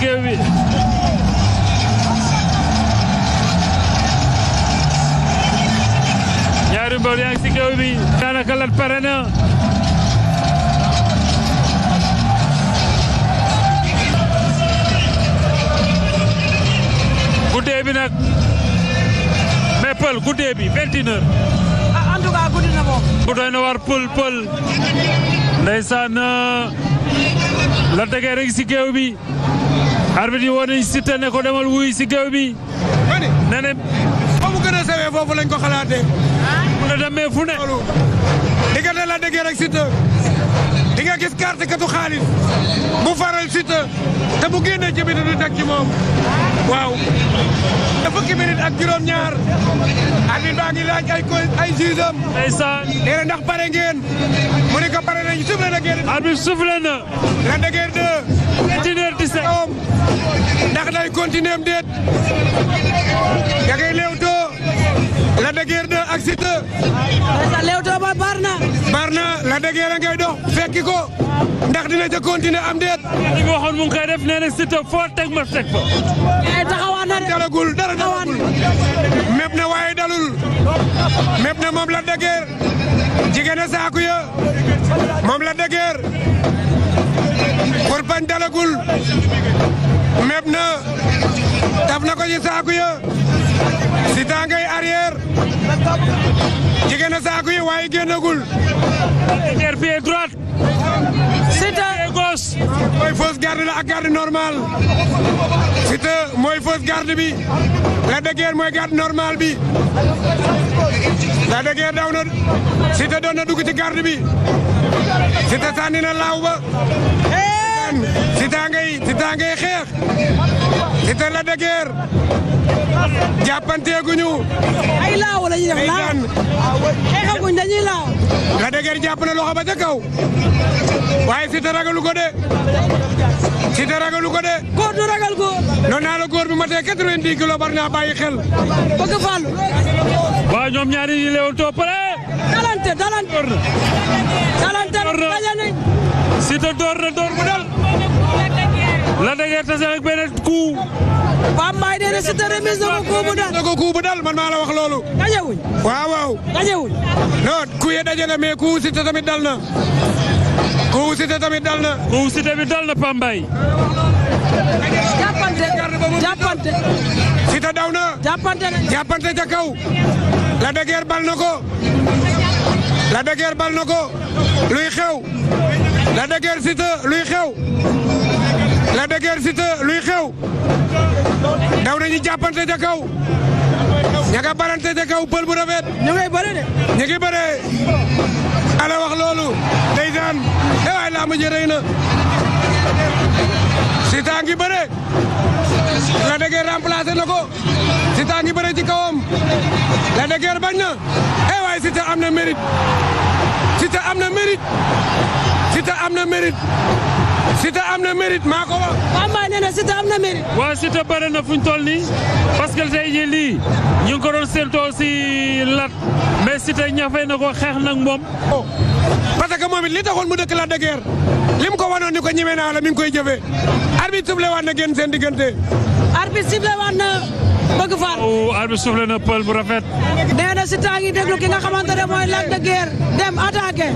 géew bi ñaari mbër yaa si géew bi daanaka lat pare na guddee bi nag mais pël guddee bi vingt une heure ah en tout cas guddi na na war pël pël ndeysaan la dëgee si géew bi arbitre yi woo nañ Siteu ne ko demal wuy si géew bi. nee na. ba gën a sewee foofu lañ ko xalaatee. mu ne demee fu ne. diggante la déggee rek Siteu di nga gis carte katu xaalis bu faral Siteu te bu génnee ci biir du teg moom waaw. te fukki minute ak juróom-ñaar yaa ngi laaj ay ay juge am. ndeysaan. nee na ndax pare ngeen. mu ne ko pare nañu soufflé na génn. arbitre soufflé na. la dëgër de. continuer di se. ndax day continuer am déet. da ngay léew too. la dëgër de ak Siteu. ndeysaan léew too ba bar na. bar na la dëgër a ngay dox fekki ko. ndax dina ca continuer am déet. li nga waxoon mu ngi koy def nee na Siteu foo teg ma teg fa. dara dalagul dara dalagul mépp na waaye dalul mépp na moom la dëgër jigéen a saaku moom la dëgër kurpañ dalagul mépp na taf na ko ci saaku ya si tàngay arrière waaye génnagul Équerre pied droite. Siteu gauche. mooy fausse garde la ak garde normal Siteu mooy fausse garde bi. Lac de Guiers mooy garde normale bi. Lac de Guiers daw na Siteu ci garde bi. Siteu sànni na laaw ba. Siteu ngay Siteu ngay xeex. Siteu jàppanteeguñu. ay laaw la ñuy def laaw ay xaguñ dañuy laaw. la dëgër jàpp na loxo ba ca kaw waaye Siteu ragalu ko de Siteu ragalu ko de. góor du ragal góor. noonu naa la góor bi matee quatre-vingt-dix kilos bari naa bàyyi xel. bëgg fàllu. waaw ñoom ñaari yi leewul too pare. dalante dalante. dalante daje nañ. Siteu door na door bu dal. la dëgër tase ak beneen coup. Pape Mbaye nee na ko kuubu dal man maa wax loolu. dajewuñ waaw waaw. dajewuñ. non daje na mais ku Siteu tamit dal na. ku Siteu tamit dal na. ku Siteu bi dal daw na. jàppante na jàppante ca bal na ko. Lac de bal na ko. luy xew. Lac de Guiers luy xew. Lac de Guiers luy xew daw nañu jàppante ca kaw ña nga barante ca kaw pël bu rafet. ñu ngay bëre de. ñu ngi wax loolu ndeysaan eh waay laa ma jërëy na Siteu a ngi bëre Lac de na ko Siteu a bare ci kawam Lac de bañ na eh waay am na mérite Siteu am na mérite. Siteu am na mérite Siteu am na mérite maa ko wax. Bambaye nee na am na mérite. waaw Siteu bëri na fu ñu toll nii parce que tey jii lii ñu ngi ko doon séentoo si lat mais Siteu ñafe na ko xeex nag moom. parce que moom it li taxoon mu dëkk Lac de Guiers lim ko wanoon ni ko ñeme naa la mi ngi koy jëfee arbitre sifflé waat na génn seen diggante. arbitre sifflé waat na. bëgg far. arbi soufflé na pël bu rafet. nee na Siteu a ki nga xamante mooy Lac de Guiers dem attaqué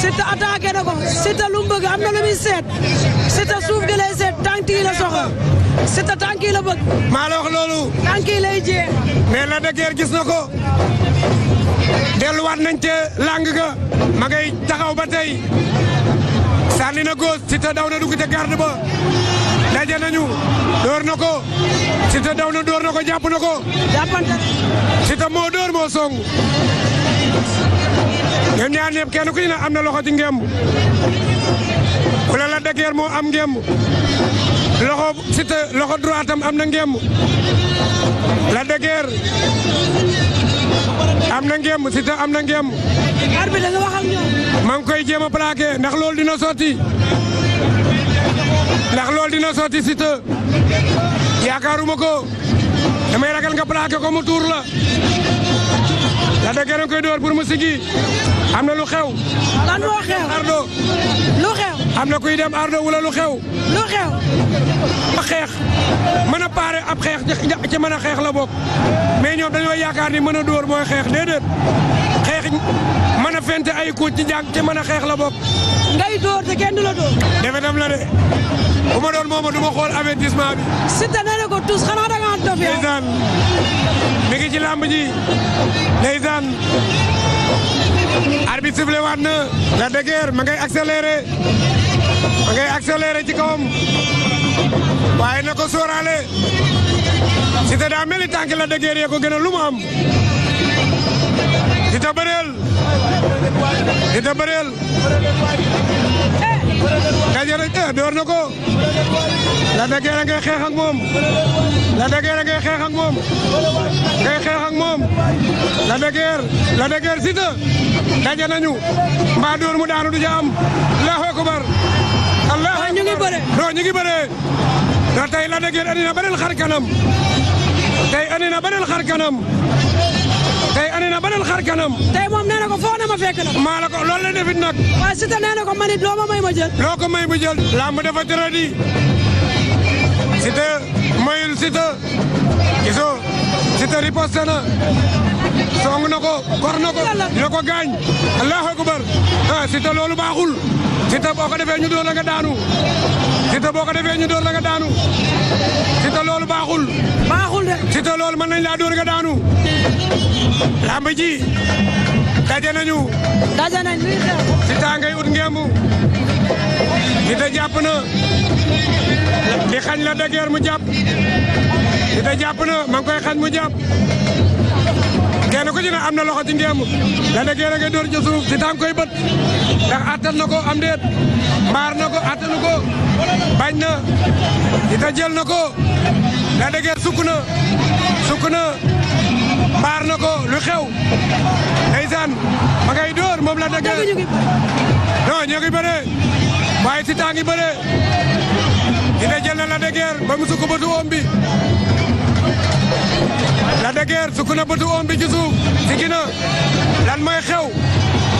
Siteu attaqué na ko Siteu lu mu bëgg am na lu muy seet Siteu suuf gi lay seet tànk yi la soxla Siteu tànk yi bëgg. maa la loolu. tànk yi lay jiyee. mais Lac de Guiers gis na ko. delluwaat nañ ca làng ga ma ngay taxaw ba tey sànni na góos Siteu daw na dugg ca garde ba. daje nañu door na ko Siteu daw na door na ko jàpp na ko. jàppante Siteu moo door moo song. ñoom ñaar ñëpp kenn ku na am na loxo ci ngemb wala la dëgër moo am ngemb loxo Siteu loxo droit am na ngemb la dëgër am na ngemb Siteu am na ngemb. arbitre ngi koy jéem a plaqué ndax lool dina sotti. ndax loolu dina sotti yaakaaruma ko damay ragal nga plaqué ko mu tuur la la da gën a koy door pour mu sigi am na lu xew. lan am na kuy dem Ardo wala lu xew. lu xew. a xeex mën a paare ab xeex ci mën a xeex la bokk mais ñoom dañoo yaakaar ni mën a door mooy xeex déedéet xeex mën a fente ay kuut ci jàng ci mën a xeex la bokk. ngay dóor te kenn du la defe dem la de. bu ma doon moom du ma xool avertissement bi. Siteu nee na ko tous xanaa da ngaa dof yow. ndeysaan mi ngi ci làmb ji ndeysaan arbitre sifflé waat na la de guerre ma ngay accéléré ma ngay accéléré ci kawam waaye na ko sóoraale Siteu daa mel ni tànk la de guerre yee ko gën a lu mu am Siteu bëreel Siteu bëreel. Kaja eh. rek eh, door na ko Lac de Guiers ngay xeex ak moom mu daanu du ca am allahu akbar allahu akbar ñu ngi bëre non ñu ngi bëre non tey Lac na beneen xar kanam tey andi na beneen xar kanam tey andi na beneen xar kanam tey moom nee na ko foo ma fekk na maa la ko loolu la defit nag waaye nee na ko manit loo may ma jël loo ko may ma Siteu mayul Siteu gisoo Siteu riposte na song na ko kor na ko dina ko gaañ allahu akbar ah Siteu loolu baaxul Siteu boo ko defee ñu door la nga daanu Siteu boo ko defee ñu door la nga daanu Siteu loolu baaxul baaxul de Siteu loolu mën nañ laa door nga daanu lamb ji daje nañu daje nañ Siteu ngay ut ngeemu Siteu jàpp na di xañ la dëgër mu jàpp di da jàpp na ma ngi koy xañ mu jàpp kenn ku ci na am na loxo ci ngeem la dëgër a nga dóor ci suuf koy bët ndax attan na ko am déet mbaar na ko attanu ko bañ na di da jël na ko la dëgër sukk na sukk na mbaar na ko lu xew ndeysaan ma ngay dóor moom la dëgër non ñoo ngi bëree waaye si taa ngi bëree dina jël na Lac de Guiers ba mu sukk bëtu oom bi Lac de Guiers sukk na bëtu oom bi ci suuf siggi na lan mooy xew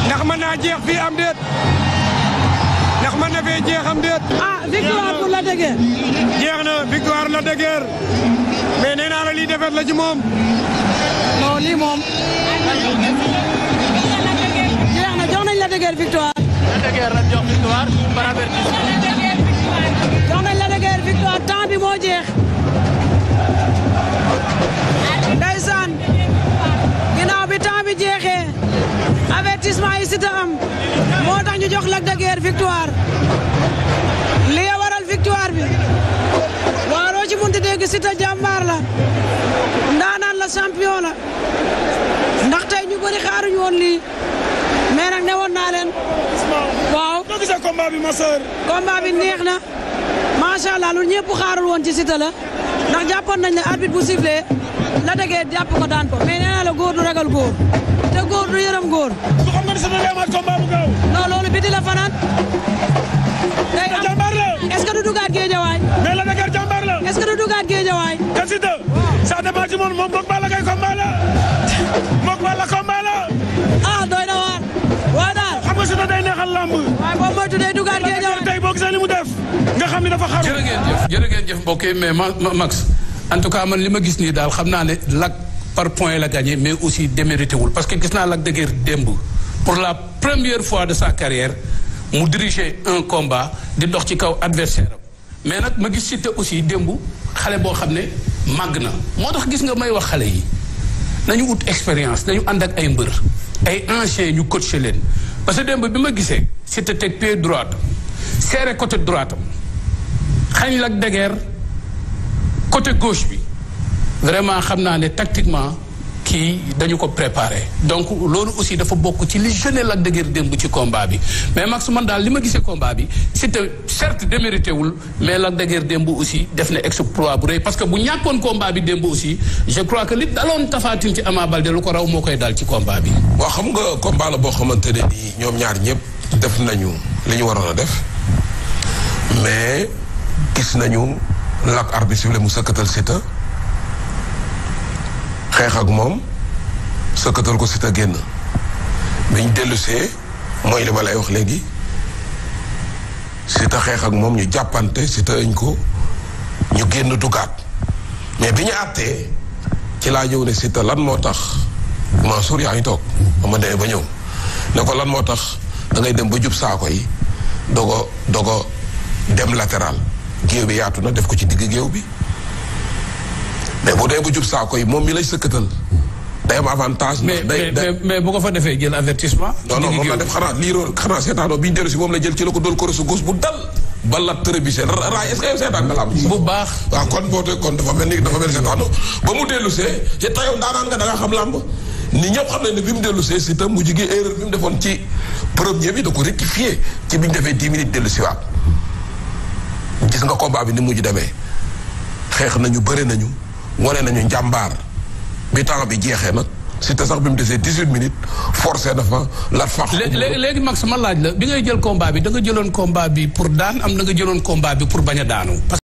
ndax mën naa jeex fii am déet ndax mën na fee jeex am déet. ah victoire pour Lac de Guiers. jeex na victoire Lac de Guiers mais nee naa la lii defet la ci moom. non lii moom. jeex na jox nañ Lac de Guiers victoire. Lac de Guiers lan jox victoire par avertissement. jox nañ la dëgër victoire temps moo jeex ndeysaan ginnaaw bi temps bi jeexee avertissement yi am moo tax ñu jox la dëgër victoire li waral victoire bi waaroo ci munti dégg si ta la ndaanaan la champion ndax tey ñu bëri xaaruñu woon lii mais ne woon waaw. combat bi ma neex na. macha allah loolu ñëpp xaarul woon ci la ndax jàppoon nañ ne arbitre bu sifflé la déggee jàpp ko daan ko mais nee la góor du ragal góor te góor du yërëm góor. su xam nga ne Siteu day amaat combat bu gaaw. loolu biti fanaan. day que du dugaat géejawaay. mais la déggee jàmbaar la. est que du dugaat géejawaay. te Siteu. waaw ça dépend ci moom moom moog Balla nga xam ne dafa xaru. jërë ngeen jëf mais ma Max en tout cas man li ma gis nii daal xam naa ne Lac par point la gagné mais aussi démérité wul parce que gis naa Lac de démb pour la première fois de sa carrière mu diriger un combat di dox ci kaw adversaire am mais nag ma gis Siteu aussi démb xale boo xam ne màgg na moo tax gis nga may wax xale yi nañu ut expérience nañu ànd ak ay mbër ay anciens ñu coacher leen parce que démb bi ma gisee Siteu teg pied droite serré côté droite am xañ Lac de Guiers côté gauche bi vraiment xam naa ne tactiquement kii dañu ko préparé donc loolu aussi dafa bokk ci li jeune la de Guiers démb ci combat bi mais Max man daal li ma gisee combat bi c'était certes démérité wul mais Lac de Guiers démb aussi def na exploit bu rëy parce que bu ñàkkoon combat bi démb aussi je crois que li daloon tafaatin ci Ama Baldé lu ko raw moo koy dal ci combat bi. waaw xam nga combat la boo xamante ne nii ñoom ñaar ñëpp def nañu li ñu waroon a def gis nañu làkk bi sifflé mu sëkkatal sita xeex ak moom sëkkatal ko Siteu génn biñ dellusee mooy li ba lay wax léegi Siteu xeex ak moom ñu jàppante Siteu ëñ ko ñu génn dugaat mais bi ñu àttee ci laa ñëw ne Siteu lan moo tax Mansour yaa ngi toog ba ma demee ba ñëw ne ko lan moo tax da dem ba jub saako yi dogo dogo dem lateral géew bi yaatu ci digg géew bi mais bu dee yi moom mi lay sëkkatal day am avantage. mais mais bu ko fa defee jël avertissement. non non la def xanaa lii roo xanaa seetaanoo ko dool ko su góos bu dal. balat tërëbise raay est la baax. waaw kon boo tee kon dafa mel dafa mel seetaanoo ba mu dellu see ne bi mu dellu see si tam mu jigi erreur bi mu defoon ci premier bi da ko rectifier ci bi ñu defee dix minutes dellu si waat. gis nga combat bi ni mujj demee xeex nañu bëri nañu wane nañu njàmbaar bi temps bi jeexee nag Siteu sax bi mu desee dix-huit minutes forcé na fa lat fax léegi léegi Max ma laaj la bi ngay jël combat bi da nga jëloon combat bi pour daan am da nga jëloon combat bi pour bañ a daanu